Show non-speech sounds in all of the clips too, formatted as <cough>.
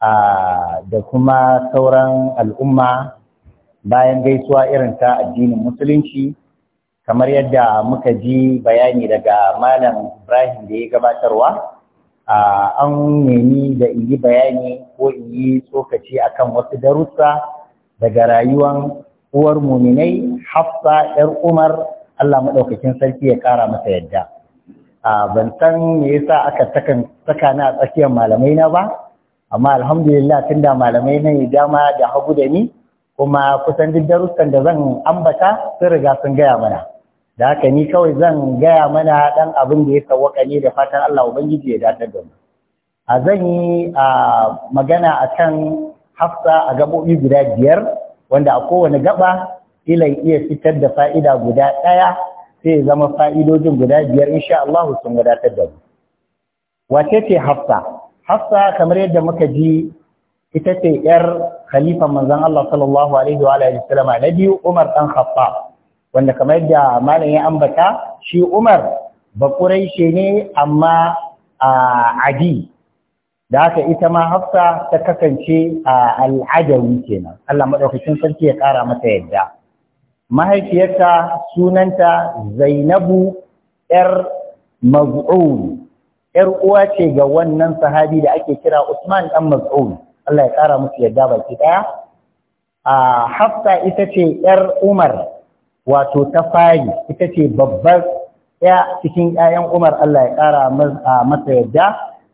da kuma sauran al'umma bayan gaisuwa irin ta addinin musulunci kamar yadda muka ji bayani daga malam ibrahim da ya gabatarwa an nemi da in yi bayani ko in yi tsokaci akan wasu darussa daga rayuwan uwar muminai hafsa yar umar allah maɗaukakin sarki ya ƙara masa yadda ban san me yasa aka saka na a tsakiyar malamai na ba amma alhamdulillah tun da malamai na yi dama da hagu da ni kuma kusan duk darussan da zan ambata sun riga sun gaya mana da haka ni kawai zan gaya mana dan abin da ya sawwaka ne da fatan Allah ubangiji ya datar da mu a zan yi a magana akan hafsa a gabobi guda biyar wanda a kowane gaɓa ila iya fitar da fa'ida guda ɗaya sai ya zama fa'idojin guda biyar insha Allah sun wadatar da mu wace ce hafsa hafsa kamar yadda muka ji ita ce yar khalifan manzon Allah sallallahu alaihi wa alihi wasallam na biyu Umar dan Khattab wanda kamar yadda malam ya ambata shi Umar ba Quraishi ne amma adi da haka ita ma hafsa ta kasance a al'adawi kenan Allah madaukakin sarki ya kara mata yadda mahaifiyarta sunanta Zainabu yar Maz'un yar uwa ce ga wannan sahabi da ake kira Usman dan Mas'ud Allah ya kara musu yadda baki daya a Hafsa ita ce yar Umar wato ta fari ita ce babbar ya cikin ƴaƴan Umar Allah ya kara masa yadda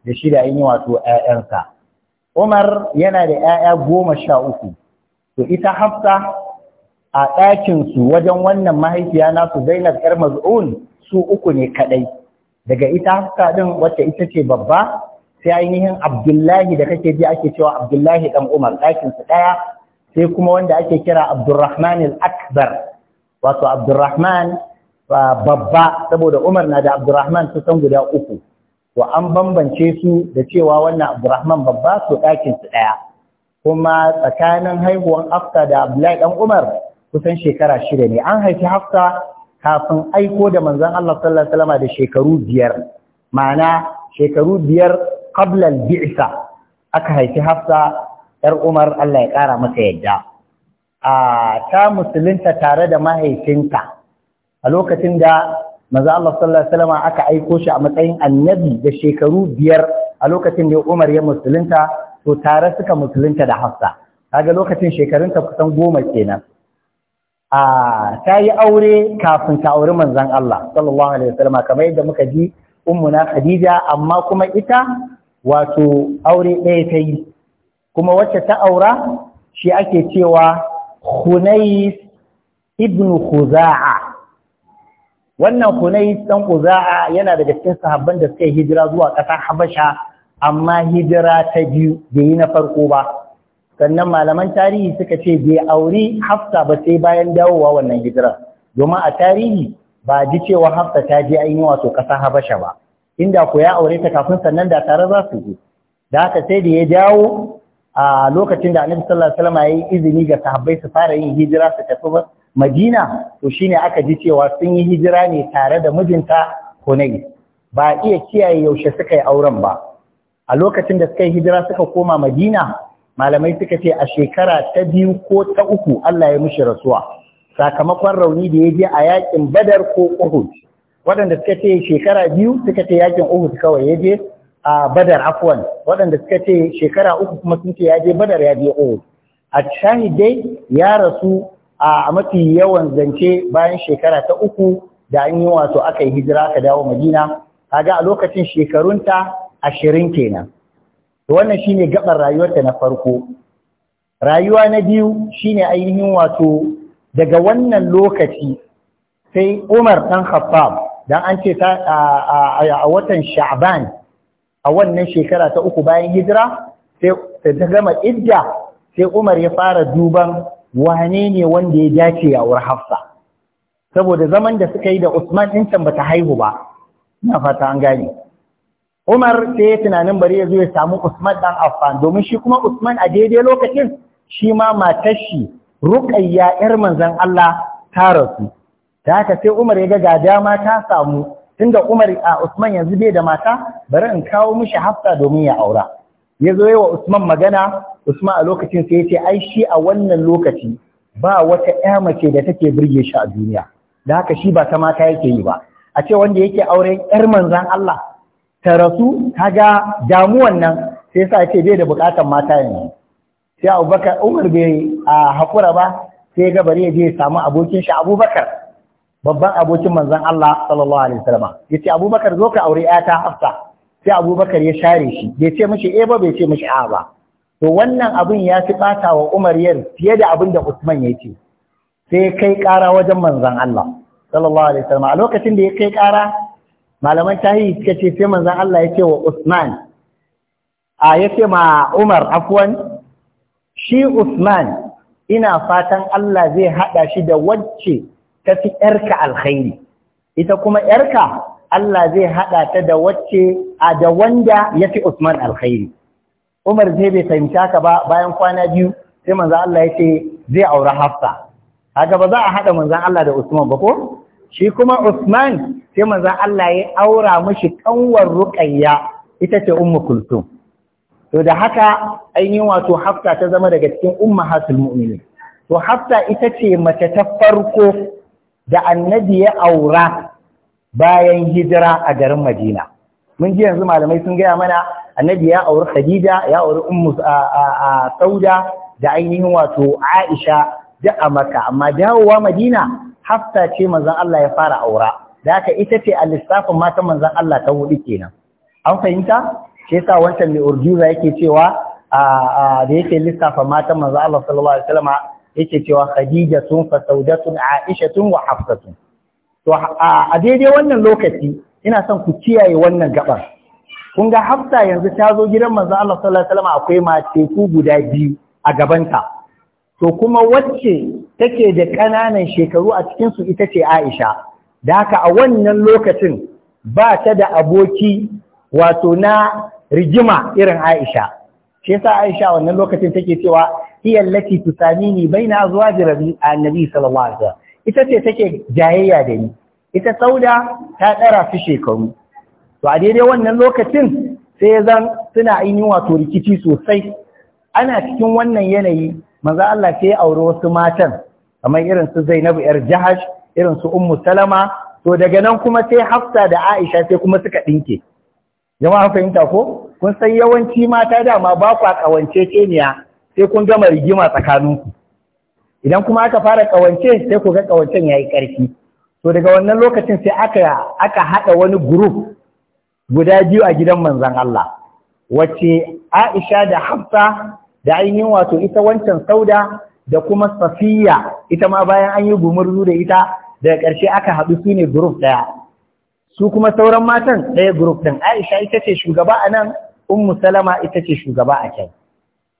da shi da yin wato ƴaƴansa Umar yana da ƴaƴa goma sha uku to ita Hafsa a ɗakinsu wajen wannan mahaifiya nasu Zainab ƴar mas'ud su uku ne kaɗai daga ita hafka din wacce ita ce babba sai ainihin abdullahi da kake ji ake cewa abdullahi dan umar ɗakin su ɗaya sai kuma wanda ake kira abdurrahman al-akbar wato abdurrahman babba saboda umar na da abdurrahman kusan guda uku to an bambance su da cewa wannan abdurrahman babba su ɗakin su ɗaya kuma tsakanin haihuwan hafsa da abdullahi dan umar kusan shekara shida ne an haifi hafsa kafin aiko da manzon Allah sallallahu alaihi wasallam da shekaru biyar ma'ana shekaru biyar qabla al-bi'sa aka haifi Hafsa ‘yar Umar Allah ya ƙara masa yadda. A ta musulunta tare da mahaifinta a lokacin da manzan Allah sallallahu Alaihi aka aiko shi a matsayin annabi da shekaru biyar a lokacin da Umar ya musulunta to tare suka musulunta da Hafsa. Kaga lokacin shekarunta kusan goma kenan. a ta yi aure kafin ta auri manzan Allah sallallahu alaihi wasallam kamar yadda muka ji ummuna Khadija amma kuma ita wato aure ɗaya ta yi kuma wacce ta aura shi ake cewa Hunais ibn Khuza'a wannan Hunais dan Khuza'a yana da cikin sahabban da suka hijira zuwa ƙasar Habasha amma hijira ta biyu bai yi na farko ba sannan malaman tarihi suka ce bai auri hafsa ba sai bayan dawowa wannan hijira domin a tarihi ba ji cewa hafsa ta je an yi wato ƙasa habasha ba inda ku ya aure ta kafin sannan da tare za su je da haka sai da ya dawo a lokacin da annabi sallallahu alaihi wasallam ya yi izini ga sahabbai su fara yin hijira su tafi madina to shine aka ji cewa sun yi hijira ne tare da mijinta hunay ba iya kiyaye yaushe suka yi auren ba a lokacin da suka yi hijira suka koma madina malamai suka ce a shekara ta biyu ko ta uku Allah ya mushi rasuwa sakamakon rauni da ya je a yakin badar ko uhud waɗanda suka ce shekara biyu suka ce yakin uhud kawai ya je a badar afwan waɗanda suka ce shekara uku kuma sun ce ya je badar ya je uhud a dai, ya rasu a mafi yawan zance bayan shekara ta uku da an yi wato aka yi hijira aka dawo madina kaga a lokacin shekarunta ashirin kenan wannan shine gabar rayuwarta na farko rayuwa na biyu shine ainihin wato daga wannan lokaci sai Umar dan Khattab dan an ce ta a watan Sha'ban a wannan shekara ta uku bayan hijira sai ta gama idda sai Umar ya fara duban wane ne wanda ya dace ya aure Hafsa saboda zaman da suka yi da Usman din can bata haihu ba ina fata an gane Umar sai ya tunanin bari ya zo ya samu Usman dan Affan domin shi kuma Usman a daidai lokacin shi ma matar shi Ruqayya yar manzon Allah ta rasu. Da haka sai Umar ya ga ga dama ta samu tunda Umar a Usman yanzu bai da mata bari in kawo mishi Hafsa domin ya aura. Ya zo wa Usman magana Usman a lokacin sai ya ce ai shi a wannan lokaci ba wata ƴa mace da take birge shi a duniya. Da haka shi ba ta mata yake yi ba. A ce wanda yake auren ƴar manzon Allah ta rasu ta ga damuwan nan sai sa ce bai da bukatan mata yanzu sai Abubakar Umar bai a hakura ba sai ga bari ya je samu abokin shi Abubakar babban abokin manzon Allah sallallahu alaihi wasallam yace Abubakar zo ka aure ta Hafsa sai Abubakar ya share shi bai ce mishi eh ba bai ce mishi a ba to wannan abin ya fi bata wa Umar yar fiye da abin da Usman ya ce sai kai kara wajen manzon Allah sallallahu alaihi wasallam a lokacin da ya kai kara. malaman yi suka ce sai manzon Allah ya ce wa Usman a ya ce ma Umar afwan shi Usman ina fatan Allah zai haɗa shi da wacce ta fi yarka alkhairi ita kuma yarka Allah zai haɗa ta da wacce a da wanda ya fi Usman alkhairi Umar zai bai fahimta ka ba bayan kwana biyu sai manzon Allah ya ce zai auri Hafsa haka ba za a haɗa manzan Allah da Usman ba ko? Shi kuma Usman sai manzan Allah ya aura mashi kanwar ruƙayya ita ce umma kulthum to da haka ainihin wato Hafta ta zama daga cikin hasul mumini to Hafta ita ce mace ta farko da annabi ya aura bayan hijira a garin Madina mun ji yanzu malamai sun gaya mana annabi ya auri Khadija ya auri ummu Sauda da ainihin wato Aisha da a Makka amma dawowa Madina hafta ce manzon Allah ya fara aura da aka ita ce a lissafin matan manzan Allah ta hudu kenan an fahimta shi yasa wancan mai urduza yake cewa a da yake lissafa matan manzan Allah sallallahu alaihi wasallam yake cewa khadijatun fa saudatun tun wa hafsatun to a daidai wannan lokaci ina son ku kiyaye wannan gabar. kun ga hafsa yanzu ta zo gidan manzan Allah sallallahu alaihi wasallam akwai mace guda biyu a gabanta to kuma wacce take da ƙananan shekaru a cikinsu ita ce Aisha da haka a wannan lokacin ba ta da aboki wato na rigima irin Aisha shi yasa Aisha wannan lokacin take cewa hiya allati tusamini baina azwaji annabi sallallahu alaihi wasallam ita ce take jayayya da ni ita sauda ta tsara fi shekaru to a daidai wannan lokacin sai zan suna ainihin wato rikici sosai ana cikin wannan yanayi manzo Allah sai ya aure wasu matan kamar irin su Zainabu yar Jahash irin su ummu salama to daga nan kuma sai hafsa da aisha sai kuma suka ɗinke jama'a fahimta ko kun san yawanci mata dama ba kwa ƙawance keniya sai kun gama rigima tsakaninku idan kuma aka fara kawance sai ku ga ƙawancen ya yi ƙarfi to daga wannan lokacin sai aka aka haɗa wani group guda biyu a gidan manzon Allah wacce Aisha da Hafsa da ainihin wato ita wancan Sauda da kuma Safiya ita ma bayan an yi gumurzu da ita daga ƙarshe aka haɗu su ne ɗaya su kuma sauran matan ɗaya guruf ɗin Aisha ita ce shugaba a nan umu Salama ita ce shugaba a can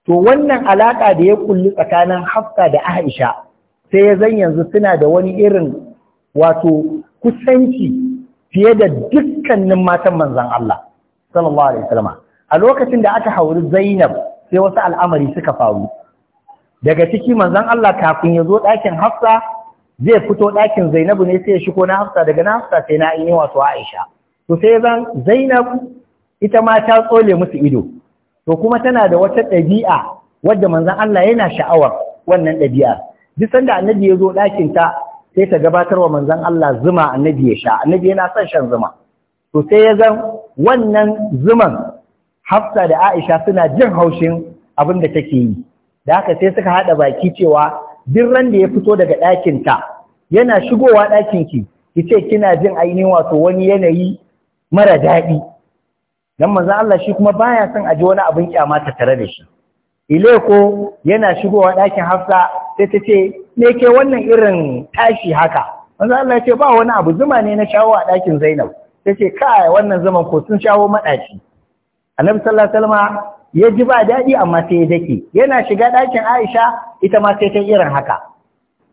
to wannan alaƙa da ya kulli tsakanin Hafsa da Aisha sai ya zan yanzu suna da wani irin wato kusanci fiye da dukkanin matan manzon Allah sallallahu alaihi wasallam a lokacin da aka hauri Zainab sai wasu al'amari suka faru daga ciki manzon Allah kafin ya zo ɗakin Hafsa zai fito ɗakin zainabu ne sai ya shigo na hafsa daga na hafsa sai na yi wato aisha to sai zan Zainabu ita ma ta tsole musu ido to kuma tana da wata ɗabi'a wadda manzon Allah yana sha'awar wannan ɗabi'a duk sanda annabi ya zo ɗakin ta sai ta gabatar wa manzon Allah zuma annabi ya sha annabi yana son shan zuma to sai ya zan wannan zuman hafsa da aisha suna jin haushin abin da take yi da haka sai suka haɗa baki cewa duk ran da ya fito daga ɗakin ta yana shigowa ɗakin ki ki ce kina jin ainihin wato wani yanayi mara daɗi dan manzo Allah shi kuma baya son a ji wani abin kyama ta tare da shi ileko yana shigowa ɗakin Hafsa sai ta ce me ke wannan irin tashi haka manzo Allah ya ce ba wani abu zuma ne na shawo a ɗakin Zainab ta ce kai wannan zaman ko sun shawo maɗaci annabi sallallahu alaihi wasallam ya ji ba daɗi amma sai ya dake yana shiga ɗakin Aisha ita ma sai ta irin haka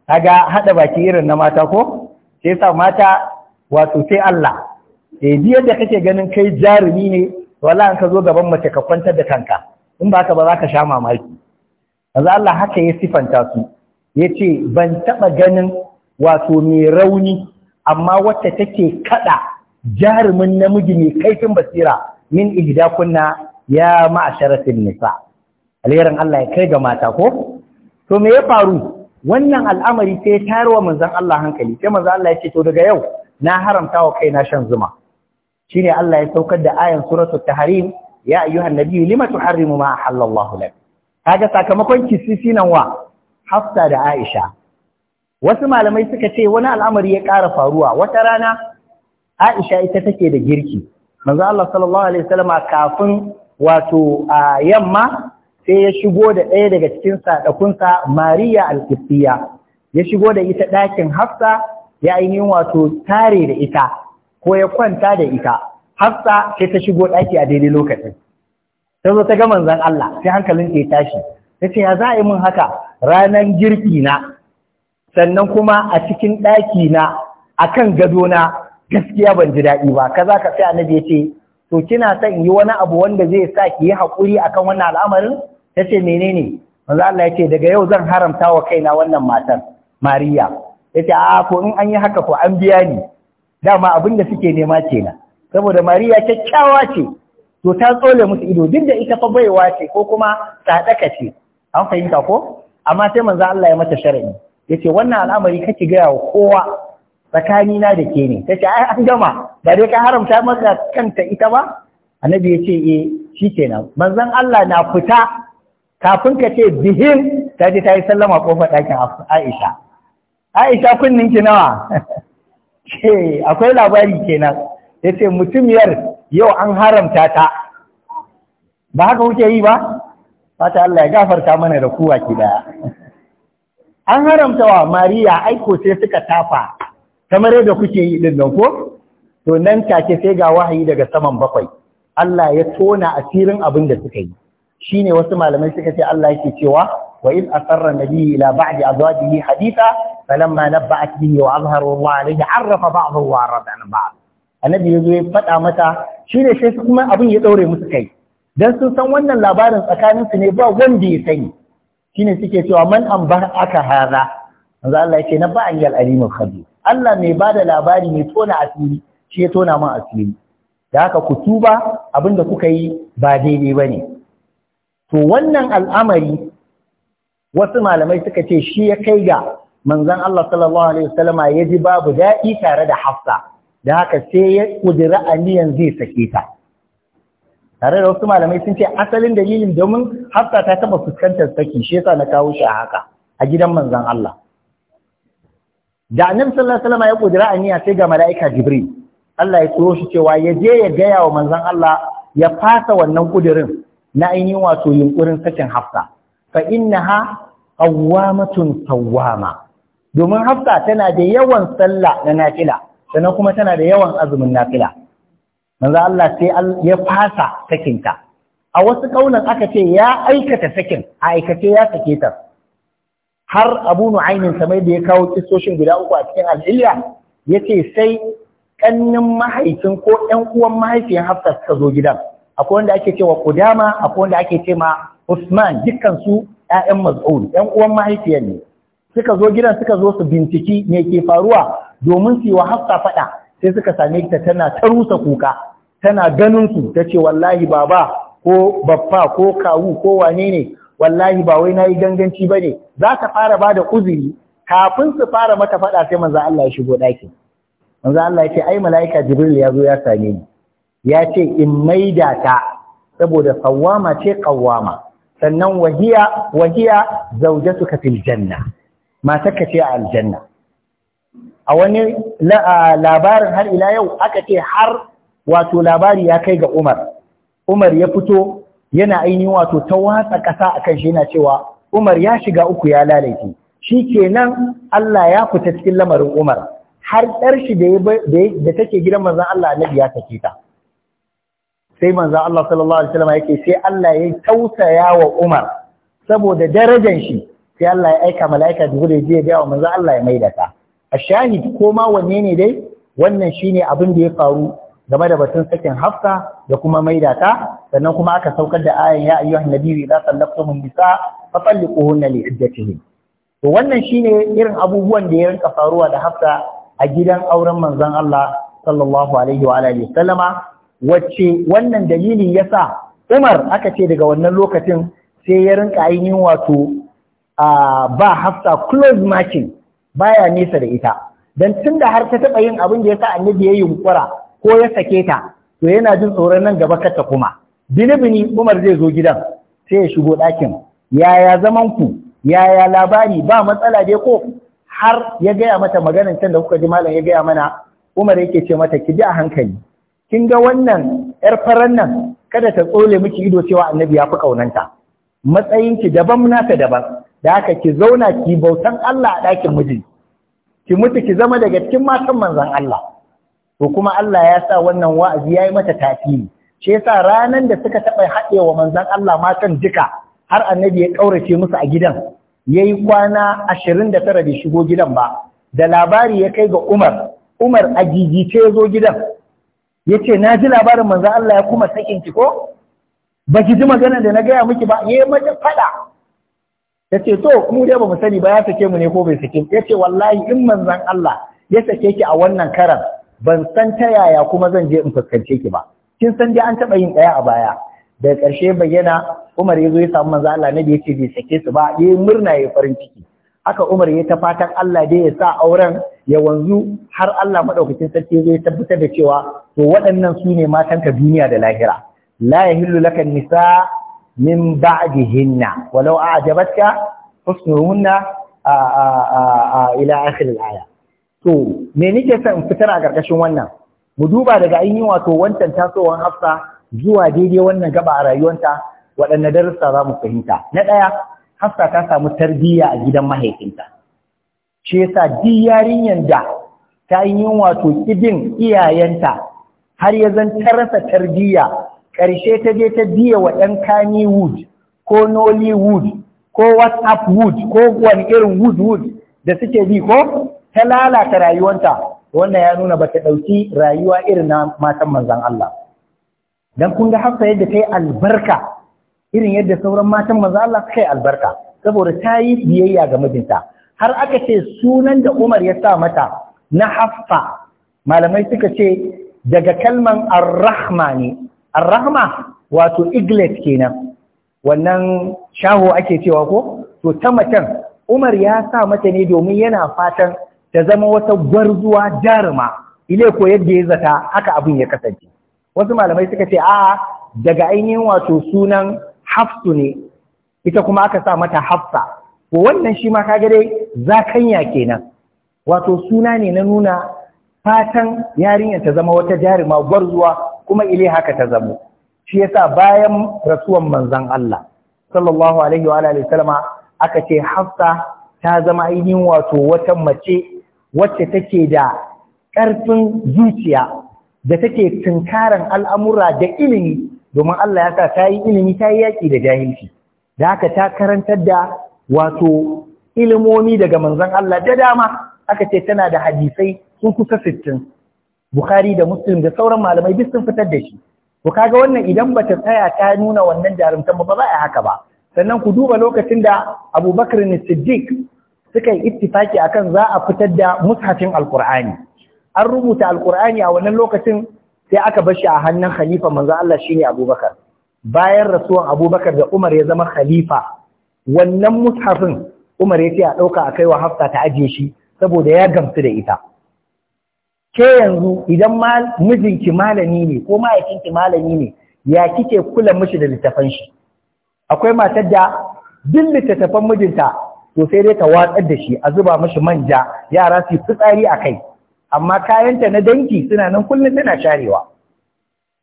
kaga hada baki irin na mata ko sai sa mata wato sai Allah eh ji yadda kake ganin kai jarumi ne wallahi an ka zo gaban mace ka kwantar da kanka in ba ka ba za ka sha mamaki maza Allah haka ya sifanta su Ya ce ban taba ganin wato mai rauni amma wacce take kada jarumin namiji mai kaifin basira min ihda kunna ya ma'asharatin nisa alherin Allah ya kai ga mata ko to me ya faru wannan al'amari sai ya tayar wa manzon Allah hankali sai maza Allah ya ce to daga yau na haramta wa kaina shan zuma shine Allah ya saukar da ayan suratul tahrim ya ayyuhan nabiyyu lima tuharrimu ma ahallallahu lak kaga sakamakon kisisi nan wa Hafsa da Aisha wasu malamai suka ce wani al'amari ya ƙara faruwa wata rana Aisha ita take da girki manzo Allah sallallahu alaihi kafin wato a yamma sai ya shigo da ɗaya daga cikin sadakunsa Mariya alkisiya ya shigo da ita ɗakin Hafsa ya ainihin wato tare da ita ko ya kwanta da ita Hafsa sai ta shigo ɗaki a daidai lokacin ta zo ta ga manzon Allah sai hankalin ta ya tashi ta ce ya za a yi min haka ranar girki na sannan kuma a cikin ɗaki na a kan gado na gaskiya ban ji daɗi ba ka za ka sai annabi ya ce to kina son yi wani abu wanda zai sa ki yi haƙuri akan wannan al'amarin ta ce menene manzo Allah ya ce daga yau zan haramta wa kaina wannan matar Mariya ya ce a ko in an yi haka ko an biya ni dama abin da suke nema kenan saboda Mariya kyakkyawa ce to ta tsole musu ido duk da ita fa baiwa ce ko kuma sadaka ce an fahimta ko amma sai manzo Allah ya mata sharadi yace wannan al'amari kake gaya wa kowa tsakani na da ke ne tace ai an gama ba dai ka haramta masa kanta ita ba annabi ce eh shikenan manzon Allah na fita kafin ka ce bihim ta ji ta yi sallama kofar ɗakin Aisha Aisha kunninki nawa ce <laughs> akwai labari kenan yace mutumiyar yau an haramta ta ba haka kuke yi ba fata Allah ya gafarta mana da kuwa ki daya <laughs> an haramta wa Mariya aiko sai suka tafa kamar yadda kuke yi din nan ko to nan take sai ga wahayi daga saman bakwai Allah ya tona asirin abin da suka yi shine wasu malamai suka ce Allah yake cewa wa in asarra nabiyyi ila ba'di azwajihi haditha falamma nabba'at bihi wa azharu Allah alayhi arrafa ba'dahu wa arada ba'd annabi yazo ya faɗa mata shine sai kuma abin ya daure musu kai dan sun san wannan labarin tsakanin su ne ba wanda ya sani shine suke cewa man an bar aka hada manzo Allah yake na ba'an yal alimul khabir Allah mai bada labari mai tona asiri shi ya tona min asiri da haka ku tuba abinda kuka yi ba daidai bane to wannan al'amari wasu malamai suka ce shi ya kai ga manzon Allah sallallahu alaihi wasallama ya ji babu daɗi tare da Hafsa da haka sai ya kudura aniyan zai sake ta tare da wasu malamai sun ce asalin dalilin domin Hafsa ta taɓa fuskantar saki shi yasa na kawo shi a haka a gidan manzon Allah da annabi sallallahu alaihi wasallama ya kudura aniya sai ga mala'ika Jibril Allah ya turo shi cewa ya je ya gaya wa manzon Allah ya fasa wannan kudirin na ainihin wato yunkurin sakin hafsa fa innaha qawwamatun qawwama domin hafsa tana da yawan sallah na nafila sannan kuma tana da yawan azumin nafila manzo Allah sai ya fasa sakinta a wasu kaunan aka ce ya aikata sakin a aikace ya sake ta har abu nu'aymin mai da ya kawo kisoshin guda uku a cikin al'iliya ya ce sai ƙannen mahaifin ko ƴan uwan mahaifin hafsa suka zo gidan akwai wanda ake cewa Kudama akwai wanda ake ce cewa Usman dukkan su ƴaƴan Mas'ud ƴan uwan mahaifiyar ne suka zo gidan suka zo su binciki me ke faruwa domin su yi wa Hafsa faɗa sai suka same ta tana ta rusa kuka tana ganin su ta ce wallahi baba ko baffa ko kawu ko wane ne wallahi ba wai na yi ganganci ba ne. za ta fara bada uzuri kafin su fara mata faɗa sai manzo Allah ya shigo ɗakin manzo Allah ya ce ai mala'ika Jibril ya zo ya same ni ya ce in maida ta saboda sawama ce qawama sannan wahiya wahiya zawjatuka fil janna matarka ce a aljanna a wani labarin har ila yau aka ce har wato labari ya kai ga Umar Umar ya fito yana ainihin wato ta watsa ƙasa akan shi yana cewa Umar ya shiga uku ya lalace shi kenan Allah ya fita cikin lamarin Umar har ɗar da take gidan manzon Allah Annabi ya sake ta sai manzo Allah sallallahu alaihi wasallam yake sai Allah ya tausaya wa Umar saboda darajan shi sai Allah ya aika mala'ika Jibril je ya wa manzo Allah ya maida ta a shahid ko ma wanne ne dai wannan shine abin da ya faru game da batun sakin Hafsa da kuma maida ta sannan kuma aka saukar da ayan ya ayyuhan nabiyyu idza sallaqtum nisa fa talliquhunna li iddatihin to wannan shine irin abubuwan da ya rinka faruwa da Hafsa a gidan auren manzan Allah sallallahu alaihi wa alihi wasallama wacce wannan dalili ya sa Umar aka ce daga wannan lokacin sai ya rinka ainihin wato ba hafsa close matching baya nesa da ita Don tun da har ta taɓa yin abin da ya sa annabi ya yi yunkura ko ya sake ta to yana jin tsoron nan gaba kata kuma Bini-bini Umar zai zo gidan sai ya shigo ɗakin yaya zaman ku yaya labari ba matsala dai ko har ya gaya mata maganar can da kuka ji malam ya gaya mana Umar yake ce mata ki ji a hankali kin ga wannan yar faran nan kada ta tsole miki ido cewa annabi ya fi kaunanta matsayin ki daban nata daban da haka ki zauna ki bautan Allah a ɗakin miji ki mutu ki zama daga cikin matan manzon Allah to kuma Allah ya sa wannan wa'azi yayi mata tasiri shi yasa ranan da suka taɓa haɗewa manzon Allah matan duka har annabi ya ƙaurace musu a gidan yayi kwana ashirin da tara bai shigo gidan ba da labari ya kai ga Umar Umar a gigice ya zo gidan ya ce na ji labarin manzo Allah ya kuma sakin ki ko ba ki ji maganar da na gaya miki ba ya yi mata fada ya ce to mu dai ba mu sani ba ya sake mu ne ko bai sake ya ce wallahi in manzon Allah ya sake ki a wannan karan ban san ta yaya kuma zan je in fuskance ki ba kin san dai an taɓa yin daya a baya daga ƙarshe bayyana Umar ya zo ya samu manzo Allah nabi ya ce bai sake su ba ya murna ya yi farin ciki aka Umar ya ta fatan Allah dai ya sa auren ya wanzu har Allah madaukakin sarki zai tabbatar da cewa to waɗannan su ne ka duniya da lahira la yahillu laka nisa min ba'dihinna walau a'jabatka husnuhunna ila akhir al-aya to me nake son fitar a karkashin wannan mu duba daga ainihin wato wancan tasowar Hafsa zuwa daidai wannan gaba a rayuwarta waɗanne darussa za mu fahimta na ɗaya Hasta ta samu tarbiyya a gidan mahaifinta shi sa duk yarinyar da ta yi wato kidin iyayenta har ya zan ta rasa tarbiyya ƙarshe ta je ta biya wa ɗan kani Wood ko nollywood ko whatsapp wood ko wani irin wood wood da suke bi ko ta lalata rayuwanta wannan ya nuna ba ta ɗauki rayuwa irin na matan manzan Allah don kun ga hafsa yadda ta yi albarka irin yadda sauran matan maza Allah suka yi albarka saboda ta yi biyayya ga mijinta har aka ce sunan da Umar ya sa mata na haffa malamai suka ce daga kalman ar-rahma ne ar-rahma wato iglet kenan wannan shaho ake cewa ko to ta macen Umar ya sa mata ne domin yana fatan ta zama wata gwarzuwa jaruma ile ko yadda ya zata haka abin ya kasance wasu malamai suka ce a daga ainihin wato sunan hafsu ne ita kuma aka sa mata hafsa wannan shi ma kaga dai zakanya kenan wato suna ne na nuna fatan yarinyar ta zama wata jarima gwarzuwa kuma ile haka ta zamo shi yasa bayan rasuwan manzon Allah sallallahu alaihi wa alihi sallama aka ce hafsa ta zama ainihin wato wata mace wacce take da ƙarfin zuciya da take tunkaran al'amura da ilimi domin Allah ya sa ta yi ilimi ta yi yaƙi da jahilci da haka ta karantar da wato ilimomi daga manzon Allah da dama aka ce tana da hadisai sun kusa sittin Bukhari da Muslim da sauran malamai duk sun fitar da shi Ku kaga wannan idan bata tsaya ta nuna wannan jarumtan ba ba a haka ba sannan ku duba lokacin da Abubakar ne Siddiq suka yi ittifaki akan za a fitar da mushafin Alkur'ani an rubuta Alkur'ani a wannan lokacin sai aka bar a hannun khalifa manzo Allah shine Abubakar bayan rasuwan Abubakar da Umar ya zama khalifa wannan mutafin Umar ya ce a dauka a kaiwa Hafsa ta ajiye shi saboda ya gamsu da ita ke yanzu idan mijinki malami ne ko mahaifinki malami ne ya kike kula mishi da littafan shi akwai matar da duk littattafan mijinta to sai dai ta watsar da shi a zuba mishi manja yara su fitsari a kai amma kayanta na danki suna nan kullum suna sharewa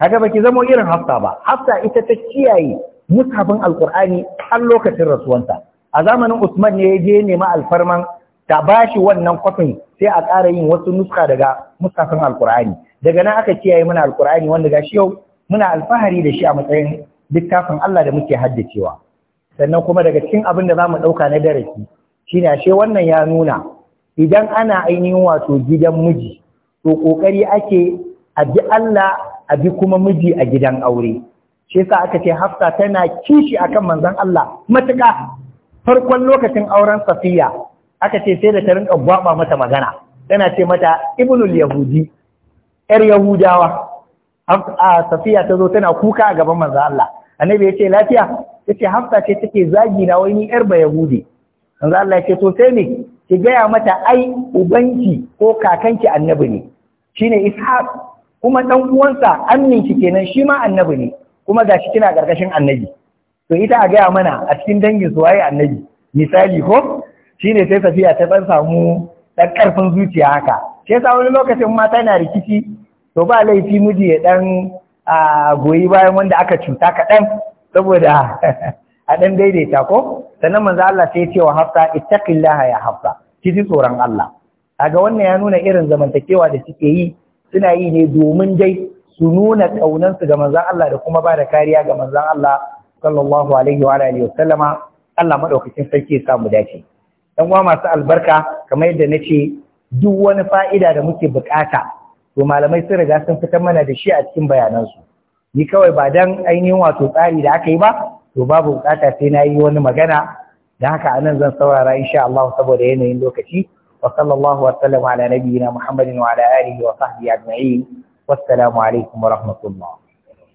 kaga baki zamo irin hafsa ba hafsa ita ta kiyaye mushafin alkur'ani har lokacin rasuwanta a zamanin usman ne ya je nema alfarman ta bashi wannan kwafin sai a ƙara yin wasu nuska daga mushafin alkur'ani daga nan aka kiyaye muna alkur'ani wanda gashi yau muna alfahari da shi a matsayin littafin Allah da muke haddacewa sannan kuma daga cikin abin da zamu ɗauka na darasi shine ashe wannan ya nuna idan ana ainihin wato gidan miji to kokari ake a bi Allah a bi kuma miji a gidan aure shi yasa aka ce Hafsa tana kishi akan manzon Allah matuƙa farkon lokacin auren Safiya aka ce sai da ta rinka gwaba mata magana tana ce mata ibnul yahudi yar yahudawa a Safiya ta zo tana kuka a gaban manzon Allah annabi ya ce lafiya ta ce hafsa ce take zagi na wani yar Bayahudi? yanzu Allah ya ce to sai me ki gaya mata ai ubanki ko kakanki annabi ne shine ishaq kuma dan uwansa amminki kenan shi ma annabi ne kuma gashi kina karkashin annabi to ita a gaya mana a cikin dangin su waye annabi misali ko shine sai safiya ta dan samu dan karfin zuciya haka sai sa wani lokacin mata na rikici to ba laifi miji ya dan a goyi bayan wanda aka cuta kaɗan saboda <laughs> a ɗan daidaita ko sannan manzo Allah sai ya ce wa Hafsa ittaqillaha ya Hafsa ki ji tsoron Allah kaga wannan ya nuna irin zamantakewa da suke yi suna yi ne domin dai su nuna ƙaunansu ga Manzo Allah da kuma ba da kariya ga Manzo Allah sallallahu alaihi wa alihi wasallama Allah madaukakin sarki ya samu dace dan uwa masu albarka kamar yadda nace duk wani fa'ida da muke bukata to malamai sun riga sun fitar mana da shi a cikin bayanansu ni kawai ba dan ainihin wato tsari da aka yi ba to babu bukata sai na yi wani magana da haka anan zan saurara insha Allah saboda yanayin lokaci wa sallallahu wa sallam ala nabiyyina Muhammadin wa ala alihi wa sahbihi ajma'in wassalamu alaikum wa rahmatullah